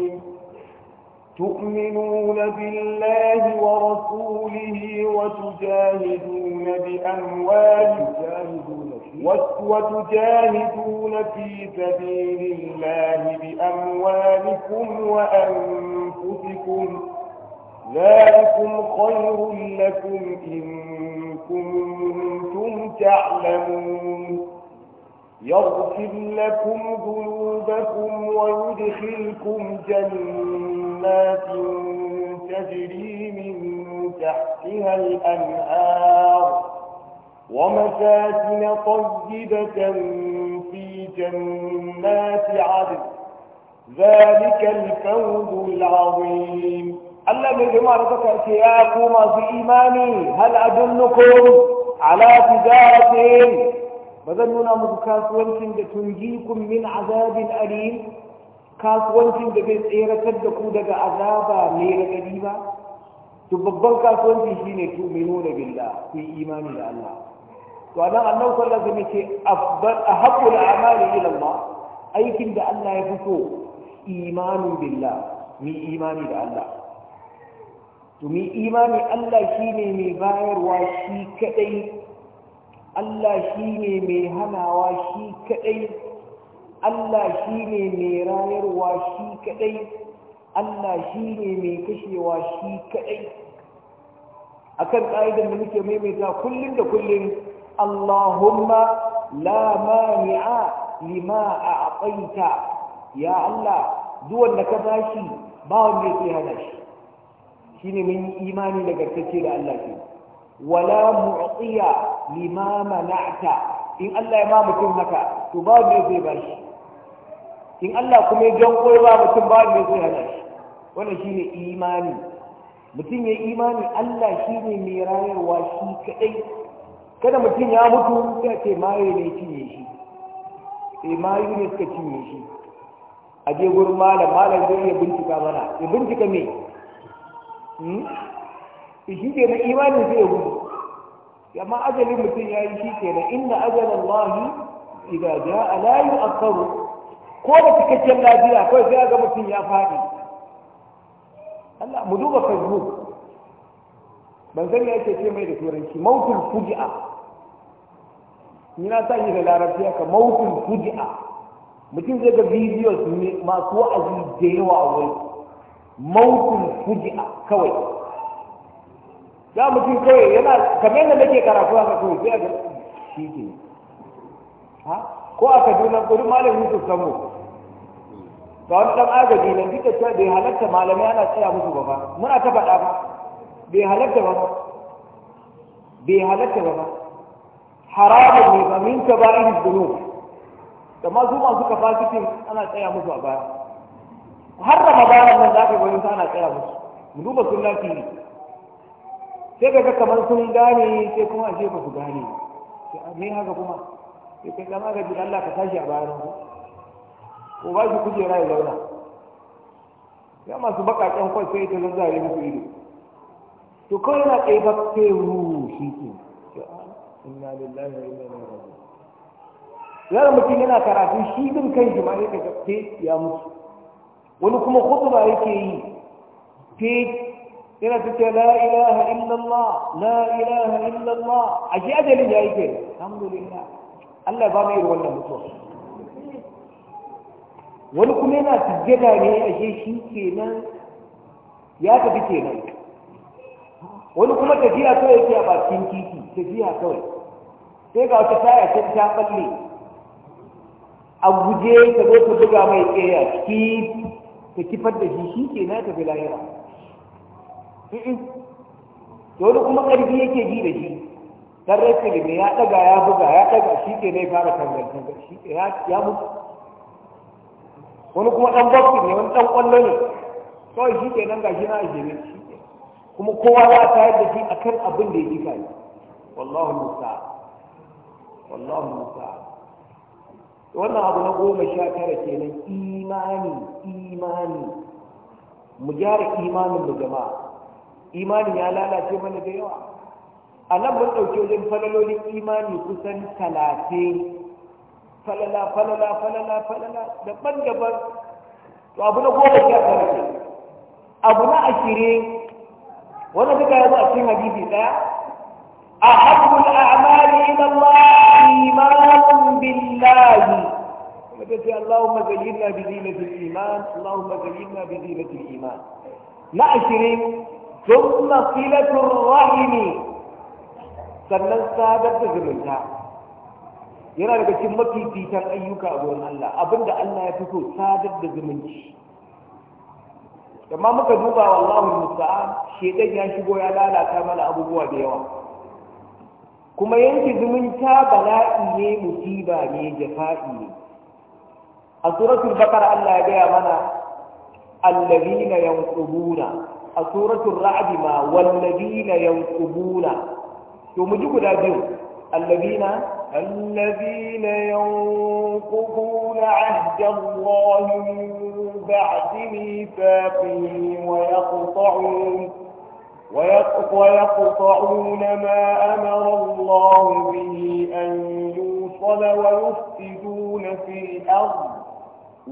A: تؤمنون بالله ورسوله وتجاهدون بأموالكم وتجاهدون في سبيل الله بأموالكم وأنفسكم ذلكم خير لكم إن كنتم تعلمون يغفر لكم ذنوبكم ويدخلكم جنات تجري من تحتها الأنهار ومساكن طيبة في جنات عدن ذلك الفوز العظيم الله من جماعة ذكرت في إيماني هل أدلكم على تجارة بذلنا مكاس وانتم تنجيكم من عذاب أليم كاس وانتم تبيت تدكو دك عذابا ليلة قديمة تبقى babban kasuwanci shine tu'minuna billah ku yi imani وانا انوك لازم يتي افضل احب الاعمال الى الله اي كن ده الله يفكو ايمان بالله مي ايمان ده الله تو مي ايمان الله شيني مي باير واشي كدي الله شيني مي هنا واشي كدي الله شيني مي راير واشي كدي الله شيني مي كشي واشي كدي akan kaidan da nake maimaita kullun da kullun Allahumma la mani'a lima a'taita ya Allah duk wanda ka bashi ba wanda yake hana shi shine mun yi imani da gartace da Allah ke wala mu'tiya lima mana'ta in Allah ya ma mutum haka to ba wanda yake bashi in Allah kuma ya janko ya ba mutum ba wanda yake hana shi wannan shine imani mutum ya imani Allah shine mai rayarwa shi kadai kada mutum ya mutu sai ce mayu ne cinye shi sai eh, mayu ne suka cinye shi a je gurin malam malam zai iya bincika mana ya bincika me hmm? eh, shi ke na imanin sai ya gudu amma ajalin mutum ya yi shi ke na inda ajalin lahi idan ja a layu a karu ko da cikakken lafiya kawai sai ga mutum ya faɗi Allah mu duba Facebook ban san yake ce mai da turanci mautul fuji'a ni na sa yi da larabci haka mautul fuji'a mutum zai ga ne masu wa'azi da yawa a wuri mautul fuji'a kawai ya mutum kawai yana kamar yadda nake karatu haka kasu sai a ga shi ke ko a kaduna ko duk malam yusuf samu? ga wani dan agaji nan duka cewa bai halatta malamai ana tsaya musu ba muna ta faɗa ba bai halatta ba bai halatta ba haramu ne ba min ka ba irin dunu kama su masu cikin ana tsaya musu a baya har ramadanan nan za ka gwanin ana tsaya musu mu duba sunna ne sai ka ga kamar sun gane sai kuma ashe ba su gane me haka kuma sai kai kama ga jin Allah ka tashi a bayan ku ko ba shi kujera ya zauna ya masu baƙaƙen kwai sai ta zazzare musu ido to kawai na tsaye ba sai ru shi ke inna lillahi wa inna ilaihi raji'un yana mutum yana karatu shi din kan shi ma ya ka gaske ya mutu wani kuma khutba yake yi te yana ta la ilaha illallah la ilaha illallah a shi ajalin ya yake alhamdulillah Allah ba mai wannan mutuwa wani kuma yana tijjada ne a shi kenan ya tafi kenan wani kuma tafiya kawai yake a bakin titi tafiya kawai sai ga wata taya ta ta balle a guje ta zo ta buga mai tsaya ki ta kifar da shi shi ke na tafi lahira da wani kuma ƙarfi yake ji da shi dan rafe ne ya ɗaga ya buga ya ɗaga shi ke ne fara tangantar shi ya mutu wani kuma ɗan bakwai ne wani ɗan ƙwallo ne kawai shi ke nan gashi na a shi kuma kowa ya tayar da shi akan abin da ya ji kai wallahu musa wallahu musa wannan abu na goma sha tara kenan imani imani mu gyara imanin mu jama'a imani ya lalace mana da yawa a nan mun ɗauki wajen falalolin imani kusan talatin falala falala falala falala daban daban to abu na goma sha tara abu na ashirin wannan duka ya zo a cikin hadisi daya ahabbul a'mali ila Allah imanun billahi مدتي اللهم زينا بزينة الإيمان اللهم زينا iman. Na ashirin ثم صلة rahimi sannan sadar da zumunta yana daga cikin mafi mafificin ayyuka a wurin Allah abinda Allah ya fi so sadar da zumunci amma muka duba wallahu musta'an shedan ya shigo ya lalata mana abubuwa da yawa kuma yanki zumunta bala'i ne musiba ne jafa'i ne a suratul baqara Allah ya gaya mana allazina yanqubuna a suratul ra'd ma wallazina yanqubuna to mu ji guda biyu الذين الذين ينقضون عهد الله من بعد ميثاقه ويقطعون ويقطعون ما أمر الله به أن يوصل ويفسدون في الأرض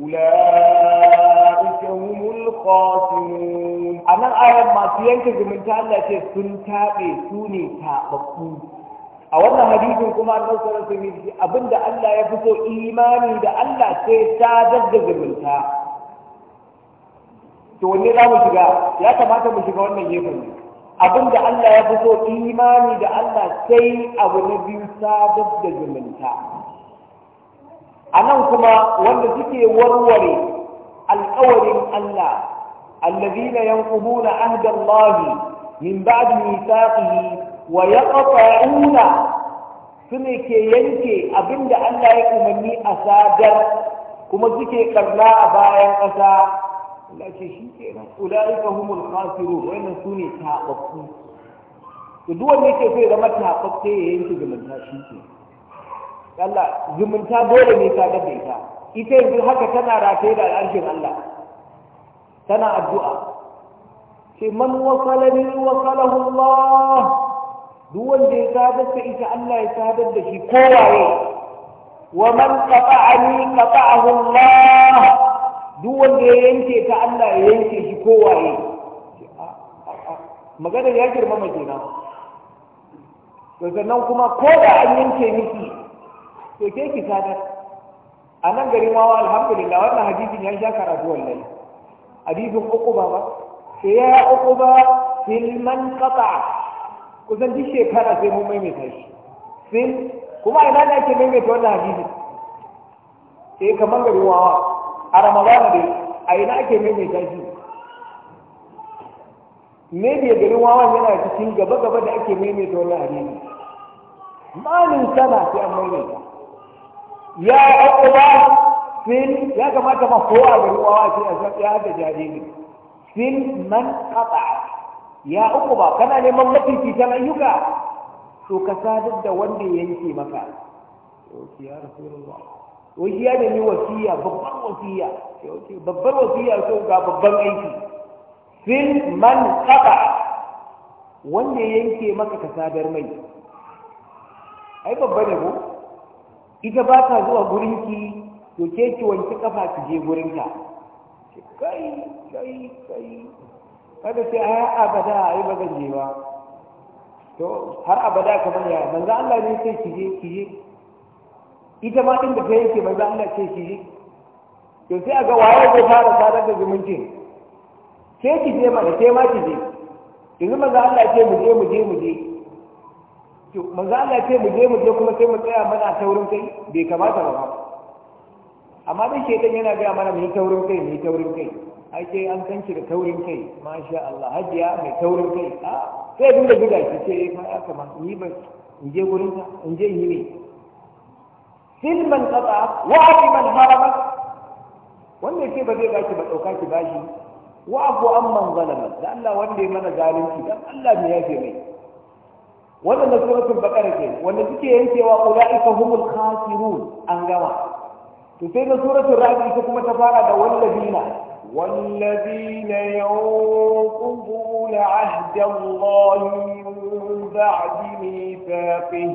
A: أولئك هم الخاسرون أنا أعلم ما تيانك زمن تعالى سنتابي سوني تابقون a wannan hadisin kuma annabi sallallahu alaihi wasallam abinda Allah ya fi so imani da Allah sai ta da zumunta to wanne za mu shiga ya kamata mu shiga wannan gefen ne abinda Allah ya fi so imani da Allah sai abu na biyu ta da zumunta a nan kuma wanda suke warware alkawarin Allah allazina yanquduna ahdallahi min ba'di mithaqihi wa ya su ne ke yanke abinda Allah ya umarni a sadar kuma suke karna a bayan ƙasa Allah ce shi ke nan ka humul khasirun wannan sune tababbu to duk wanda yake so ya zama tababbe ya yanke zumunta shi ke Allah zumunta dole ne ta da ta. ita yanzu haka tana rataye da al'arshin Allah tana addu'a Sai man wasalani wasalahu Allah duk wanda ya sadar da ita Allah ya sadar da shi kowaye wa man qata'ani qata'ahu Allah duk wanda ya yanke ta Allah ya yanke shi kowaye magana ya girma majina to sannan kuma ko da an yanke miki to ke ki sadar a nan garin wawa alhamdulillah wannan hadisin ya sha karatu wallahi hadisin uku ba ba sai ya uku ba fil man qata'a kusan duk shekara sai mun maimaita shi sai kuma ina da ake maimaita wannan hadisi sai kamar gari wawa a ramadana dai a ina ake maimaita shi me ne garin wawan yana cikin gaba gaba da ake maimaita wannan hadisi malin sana sai an maimaita ya ƙwaƙwa sin ya kamata ma kowa gari wawa sai a san ya da jariri sin man qata'a ya uku ba kana neman ta ayyuka to ka sadar da wanda ya yanke maka yauki ya rasulullah wai ya da ni wasiya babbar wasiya yauki babbar wasiya ko ga babban aiki fil man qata wanda ya yanke maka ka sadar mai ai babba ne ko ita ba ta zuwa gurinki to ke ki wanki kafa ki je gurinka kai kai kai kada sai har abada ai ba zan je ba to har abada kamar ya manzo Allah ne sai ki je ki je ita ma din da kai yake manzo Allah sai ki je to sai aga waye zai fara sadar da zumuncin ke ki je mana ke ma ki je yanzu manzo Allah ce mu je mu je mu je to manzo Allah ce mu je mu je kuma sai mu tsaya mana taurin kai bai kamata ba amma dai shedan yana ga mana mu yi taurin kai mu yi taurin kai Ake an san ki da taurin kai masha Allah hajiya mai taurin kai a sai abin da buga shi sai ka ya kama ni ba in je gurin ka in je yi ne silman qata wa aqiman harama wanda yake ba zai gashi ba dauka ki bashi wa abu amman zalama da Allah wanda ya mana zalunci dan Allah ne yafe mai wannan da suratul baqara ke wanda suke yankewa ulaika humul khasirun an gama to sai na suratul rabi ita kuma ta fara da wallazina والذين ينقضون عهد الله من بعد ميثاقه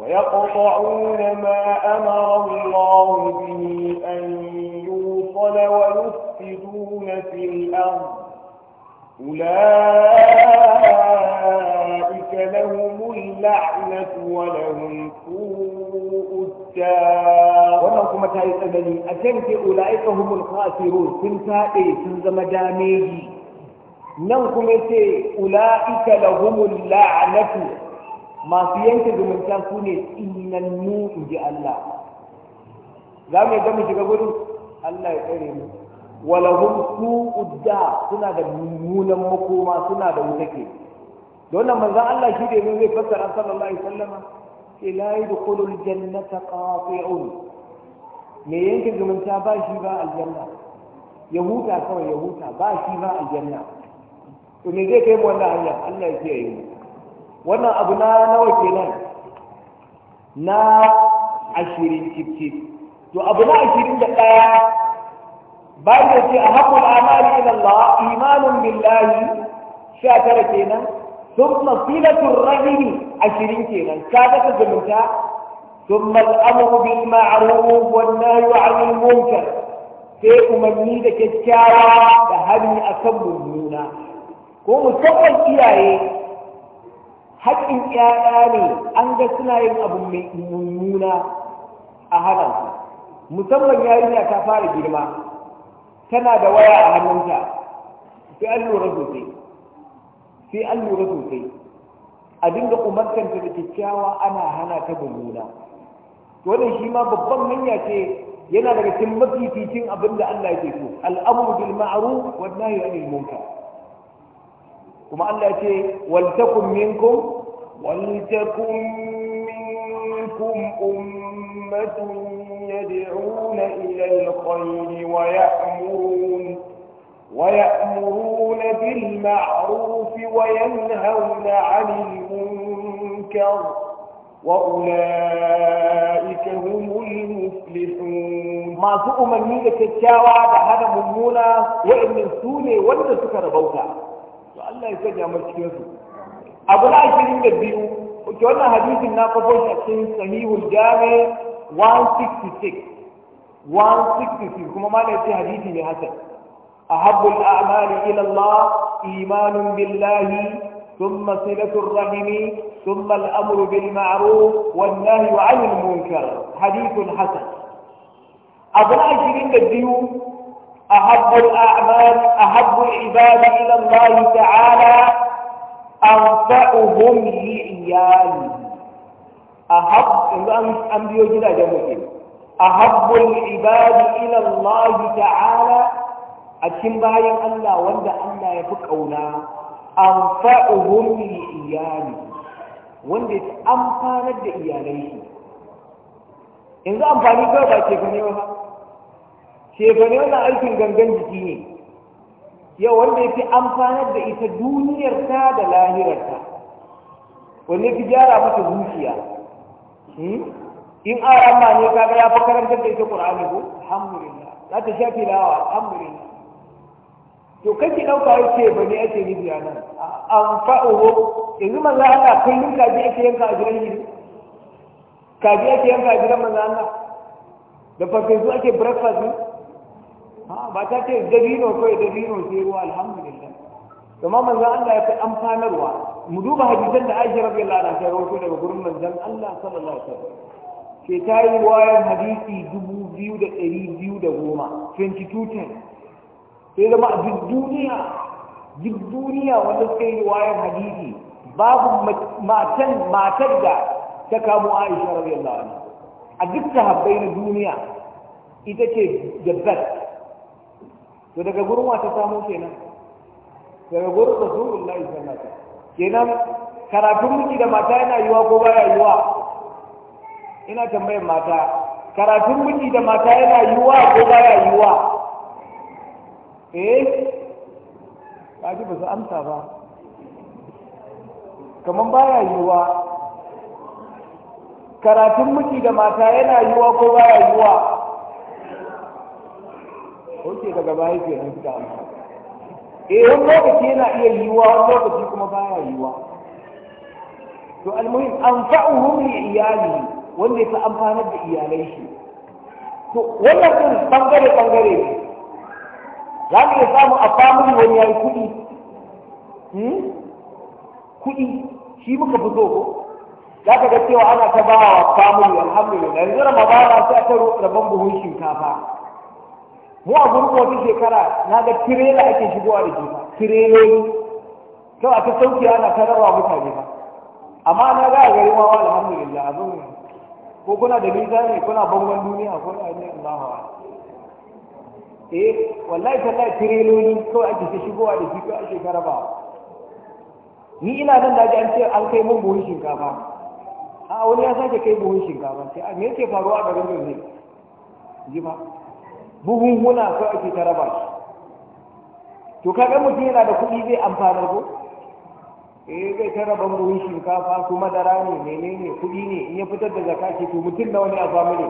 A: ويقطعون ما أمر الله به أن يوصل ويفسدون في الأرض أولئك لهم اللعنة ولهم سوء الدار wannan kuma ta yi tsanani a can ce ula'ika humul khasirun sun taɗe sun zama dameji nan kuma ce ula'ika lahumul masu yanke zumunta su ne tsinannu in ji Allah za mu shiga gurin Allah ya tsare mu walahum su da suna da mummunan makoma suna da wuta ke da wannan manzo Allah shi da zai fassara sallallahu alaihi wasallam ce la yadkhulul jannata qati'un me yanke zumunta ba shi ba aljanna ya huta kawai ya huta ba shi ba aljanna to me zai kai mu wannan hanya Allah ya kiyaye mu wannan abu na nawa kenan na ashirin cip to abu na ashirin da ɗaya bayan da ce a haƙul amali ila Allah imanun billahi sha tara kenan ثم صلة الرحم Ka كينا كادت زمنتا ثم الأمر بالمعروف والنهي عن المنكر sai umarni da kyakkyawa da hali a kan mummuna ko musamman iyaye haƙƙin ƴaƴa ne an ga suna yin abu mai mummuna a hana su musamman yarinya ta fara girma tana da waya a hannunta sai an lura sosai sai an lura sosai a dinga umartanta da kyakkyawa ana hana ta mummuna wannan shi ma babban hanya ce yana daga cikin mafificin abin da Allah yake so al'amru bil ma'ruf wan nahyi anil munkar kuma Allah ya ce wal takum minkum wal takum منكم أمة يدعون إلى الخير ويأمرون ويأمرون بالمعروف وينهون عن المنكر وأولئك هم المفلحون ما سوء من ميلة الشاوى بهذا ممونة وإن سوني وإن سكر بوتا فالله يسجع مرشكين سوء أبو العشرين البيو ke wannan hadisin na kafo shi a cikin sahihul jami 166 166 kuma ma da ce hadisi ne hasan ahabbu al'amali ila Allah imanun billahi ثم صلة الرحم ثم الأمر بالمعروف والنهي عن المنكر حديث حسن أبو عشرين الديو أحب الأعمال أحب العباد إلى الله تعالى anfa'uhum li iyali ahab yanzu an biyo gidajen mutum ahabbul ibadi ila Allah ta'ala a cikin bayan Allah wanda Allah ya fi kauna anfa'uhum li iyali wanda ya amfanar da iyalai shi yanzu amfani kawai ba ce fa ne ba ce fa ne wannan aikin gangan jiki ne yau wanda ya fi amfanar da ita duniyarta da lahirarta wanda ya fi gyara mata zuciya hmm? in arama ne kaga ya fi karantar da ita ƙur'ani ko alhamdulillah za ta sha filawa alhamdulillah to kake dauka ya ce ba ne ake yi a nan an fa'uhu yanzu manzo Allah ni kaji ake yanka a gidan gidi kaji ake yanka a gidan manzo Allah da farfesu ake breakfast ne ha ba ta ce dabino kawai dabino sai ruwa alhamdulillah kuma manzon Allah ya fi amfanarwa mu duba hadisan da Aisha radiyallahu anha ta rawaito daga gurin manzon Allah sallallahu alaihi wasallam ke ta yi wayar hadisi dubu biyu da ɗari biyu da goma 2210 sai zama a duk duniya duk duniya wanda suka yi wayar hadisi babu matan matar da ta kamo Aisha radiyallahu anha a duk sahabbai na duniya ita ce the best to daga gurin wata ta samu kenan daga gurin rasulullahi sallallahu alaihi wasallam kenan karatun miki da mata yana yiwa ko baya yiwa ina tambayar mata karatun miki da mata yana yiwa ko baya yiwa eh kaji ba su amsa ba kamar baya yiwa karatun miki da mata yana yiwa ko baya yiwa oke daga baya ke nan suka amsa eh wani lokaci yana iya yiwuwa wani lokaci kuma baya yiwuwa to almuhim anfa'uhum li iyalihi wanda ya fi amfanar da iyalai shi to wannan din bangare bangare ne za mu iya samu a family wani yayi kuɗi hmm? kuɗi shi muka fi so ko za ka ga cewa ana ta ba wa family alhamdulillah yanzu na sai aka rabon buhun shinkafa mu a gurbin wata shekara na da tirela ake shigowa da shi tireloli kawai ta sauki ana ta mutane ba amma na ga a gari ma wa alhamdulillah abin ko kuna da nisa ne kuna bangon duniya ko na ne Allahu eh wallahi tallahi tireloli kawai ake ta shigowa da shi ko ake karaba ni ina nan da ji an ce an kai mun buhun shinkafa a wani ya sake kai buhun shinkafa sai a ah, me yake faruwa a garin Borno ji ba buhunhuna ko ake ta raba shi to kaga mutum yana da kuɗi zai amfanar ko eh zai ta raba buhun shinkafa su madara ne menene kuɗi ne in ya fitar da zakka ce to mutum na wani a family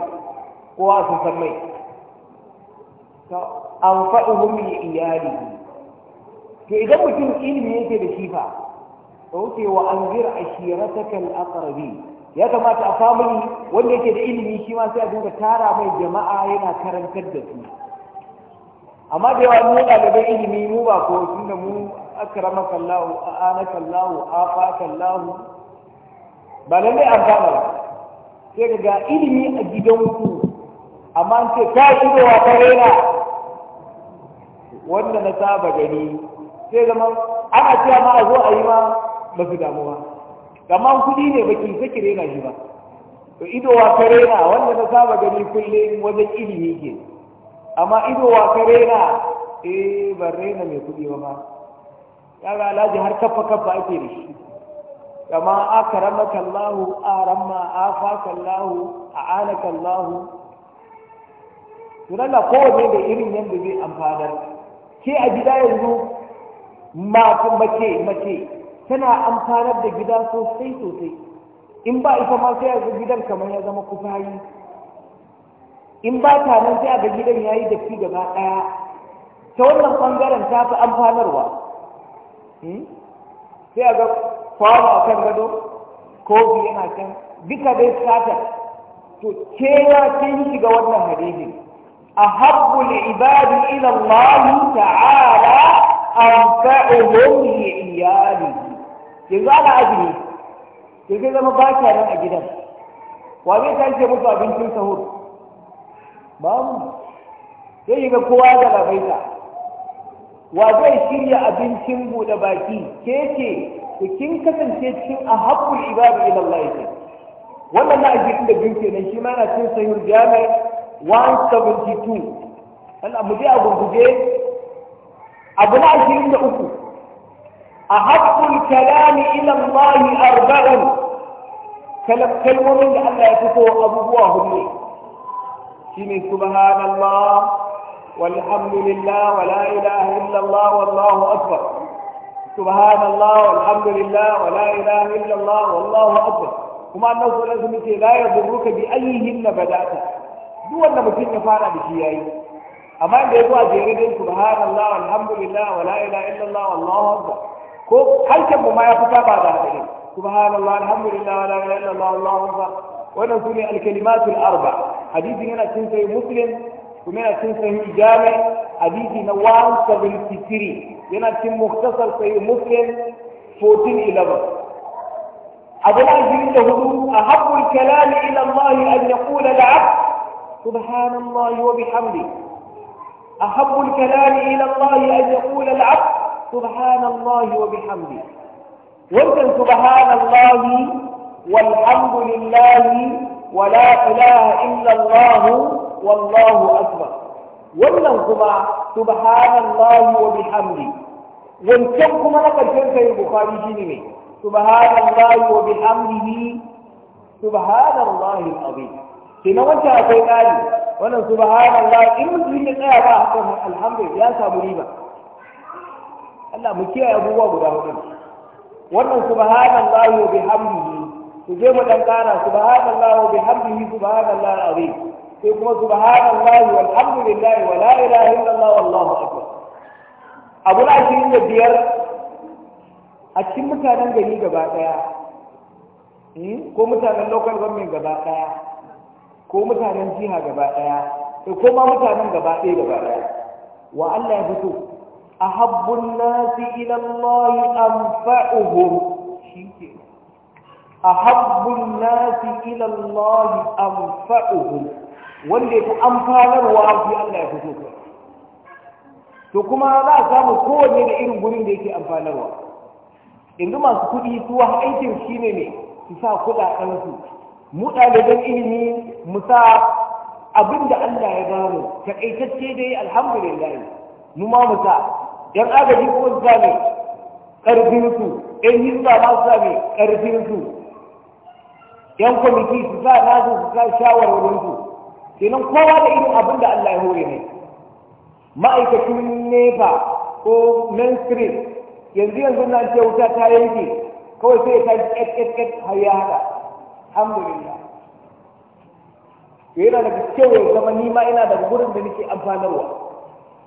A: ko sun san mai to anfa'uhum li iyalihi to idan mutum ilimi yake da shi fa to wa anzir ashiratakal al-aqrabin ya kamata a family wanda yake da ilimi shi ma sai a dinga tara mai jama'a yana karantar da su amma da yawa mu ɗalibai ilimi mu ba ko tunda mu akrama kallahu a'ana kallahu afa kallahu ba lallai an fara ba sai daga ilimi a gidanku amma an ce shi da wa karena wanda na saba gani sai zama ana cewa ma a zo a yi ma ba su damuwa amma kuɗi ne baki saki rena shi ba to idowa ka rena wanda na saba gani kullum wajen ilimi ke amma idowa ka rena eh ban rena mai kuɗi ba ma kaga alhaji har kafa kafa ake da shi kama a Allah aramma afaka Allah a'anaka Allah to Allah kowanne da irin yanda zai amfanar ke a gida yanzu ma mace mace tana amfanar da gida sosai sosai in ba ita ma sai a ga gidan kamar ya zama kufayi in ba ta nan sai a ga gidan ya yi dafi gaba ɗaya ta wannan ɓangaren ta fi amfanarwa hmm? sai a ga kwano a kan gado kofi yana can duka dai satar to ke kewa kin ga wannan A ibadi أحب العباد إلى الله تعالى أنفعهم لعياله yanzu ana azumi sai zai zama ba kya nan a gidan wa zai tashi musu abincin sahur babu sai yi ga kowa ya galabaita wa zai shirya abincin buɗe baki ke ce da kin kasance cikin a haƙƙul ibadu ila Allah yake wannan na ajiye da bin nan shi ma yana cin sahur jami 172 Allah mu je a gurguje abu na ashirin da uku أحب الكلام إلى الله أربع كلام كلمة من أن يكفوا أبو الله لي كمي سبحان الله والحمد لله ولا إله إلا الله والله أكبر سبحان الله والحمد لله ولا إله إلا الله والله أكبر وما أنه لازم لا يضرك بأيهن بدأت دو أن مكين نفعل بشيئي أما أن يقوى سبحان الله والحمد لله ولا إله إلا الله والله أكبر ko harshen mu ma ya fita ba da hadari subhanallah alhamdulillah wala ilaha illallah allahu akbar wannan sune alkalimatul arba hadisi yana cin sai muslim kuma yana cin sai jami hadisi na 173 yana cin mukhtasar sai muslim 1411 أبو العزيز له أحب الكلام إلى الله أن يقول العبد سبحان الله وبحمده أحب الكلام إلى الله أن يقول العبد سبحان الله وبحمده وقل سبحان الله والحمد لله ولا إله إلا الله والله أكبر وقل كما سبحان الله وبحمده وقل كما نقل في البخاري جنبه سبحان الله وبحمده سبحان الله العظيم كما وجهت في قال وقل سبحان الله إن كنت قاعد الحمد لله يا سابو Allah mu kiyaye abubuwa guda hudu wannan subhanallahi wa bihamdihi ku je mu dan kana subhanallahi wa bihamdihi subhanallahi alazim sai kuma subhanallahi walhamdulillahi wa la ilaha illallah wallahu akbar abu na ashirin da biyar a cikin mutanen gari gaba daya hmm, ko mutanen local government gaba daya ko mutanen jiha gaba daya ko ma mutanen gaba daya gaba daya wa Allah ya fito أحب الناس إلى الله أنفعهم أحب الناس إلى الله wanda ya amfanarwa shi Allah ya fito ka to kuma za a samu kowanne da irin gurin da yake amfanarwa yanzu masu kuɗi su aikin shi ne ne su sa kuɗaɗensu mu ɗaliban ilimi mu sa abin da Allah ya gano takaitacce dai alhamdulillah mu ma mu sa yan agaji kuma su same ƙarfinsu yan hizba ma su same ƙarfinsu yan kwamiti su sa nasu su sa shawarwarinsu kenan kowa da irin abin da Allah ya hore ne ma'aikacin nefa ko mainstream yanzu yanzu na ce wuta ta yanke kawai sai ta yi ƙetƙetƙet har ya haɗa alhamdulillah yana da kyau ya zama ni ma ina da gurin da nake amfanarwa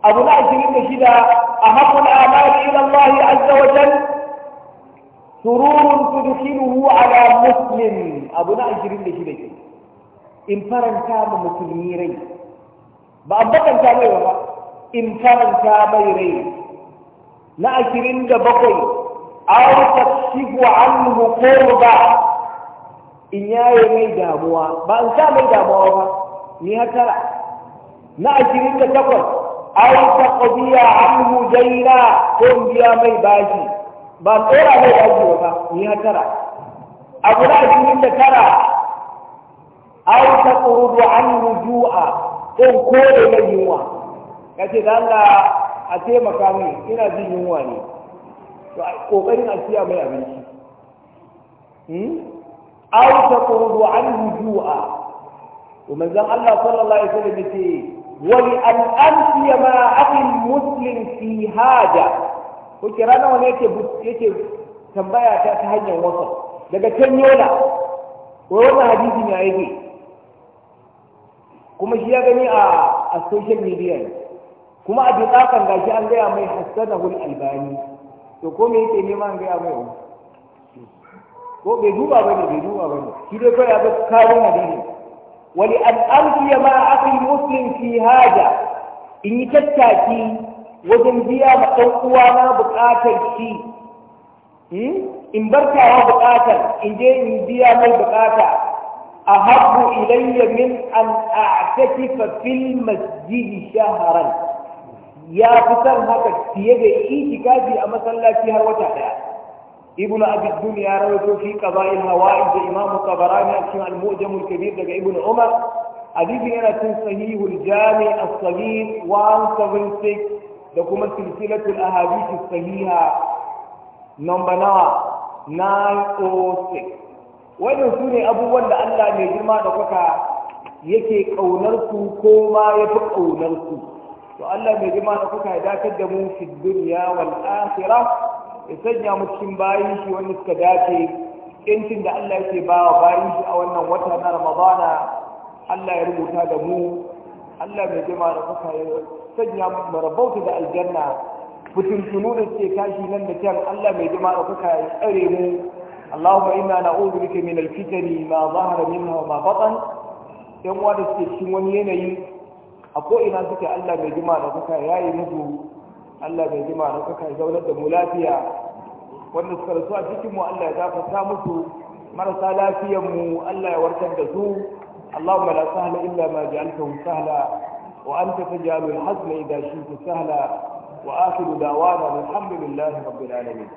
A: abu na ashirin da shida a haƙun amali ila Allah azza wa jal sururun tudkhiluhu ala muslim abu na ashirin da shida ke in faranta ma musulmi rai ba an bakanta mai ba in faranta mai rai na ashirin da bakwai aw tashibu anhu qurba in yaye mai damuwa ba an sa mai damuwa ba ni hatara na ashirin da takwas ai ta qadiya anhu daina ko biya mai bashi ba tsora mai baji ba ni ya tara abu shi ne ta tara ai ta qurudu an rujua ko kore mai yunwa kace da a taimaka min ina jin yunwa ne to kokarin a siya mai abinci hmm? ai ta qurudu an rujua to manzon Allah sallallahu alaihi wasallam yace ولأن أنفي ما أخي المسلم في هذا kuke ranar wani yake yake tambaya ta ta hanyar wasa daga can yola ko wannan hadisi ne yake kuma shi ya gani a a social media kuma a bitsakan gashi an gaya mai hassanahul albani to ko me yake neman gaya mai wani ko bai duba bane bai duba bane shi dai kawai ya ga kawo hadisi ولأن أمضي مع أخي haja? في هذا إني تتاكي وزنبيا مقوانا بقاتل شيء in barkawa bukatar in je in biya mai bukata a habbu ilayya min an a'takifa fil masjid shahran ya fitar haka fiye da itikafi a masallaci har wata daya ibnu abi dunya ya rawaito fi qaba'il hawa'id da imam tabarani a cikin al-mu'jam al-kabir daga ibnu umar hadisi yana cin sahihul jami' as-saghir 176 da kuma silsilatul ahadith as-sahiha number nawa 906 ne abubuwan da Allah mai girma da kuka yake ƙaunar ku ko ma ya ku to Allah mai girma da kuka ya dakar da mu fi duniya wal akhirah ya sanya mu cikin bayin shi wanda suka dace yancin da Allah yake ba wa shi a wannan wata na Ramadana Allah ya rubuta da mu Allah mai jima da kuka ya sanya mu rabauta da aljanna fitintunu da suke tashi nan da can Allah mai jima da kuka ya tsare mu اللهم إنا نعوذ بك من الفتن ما ظهر منها وما بطن yan uwa da suke cikin wani yanayi a ko'ina suke Allah mai jima da kuka yayi musu Allah bai jima da suka zaunar da mu lafiya wanda suka rasu a cikin mu Allah ya gafarta musu marasa lafiyar mu Allah ya warkar da su Allahumma la sahla illa ma ja'altahu sahla wa anta taj'alul hazna idha shi'ta sahla wa akhiru da'wana alhamdulillahi rabbil alamin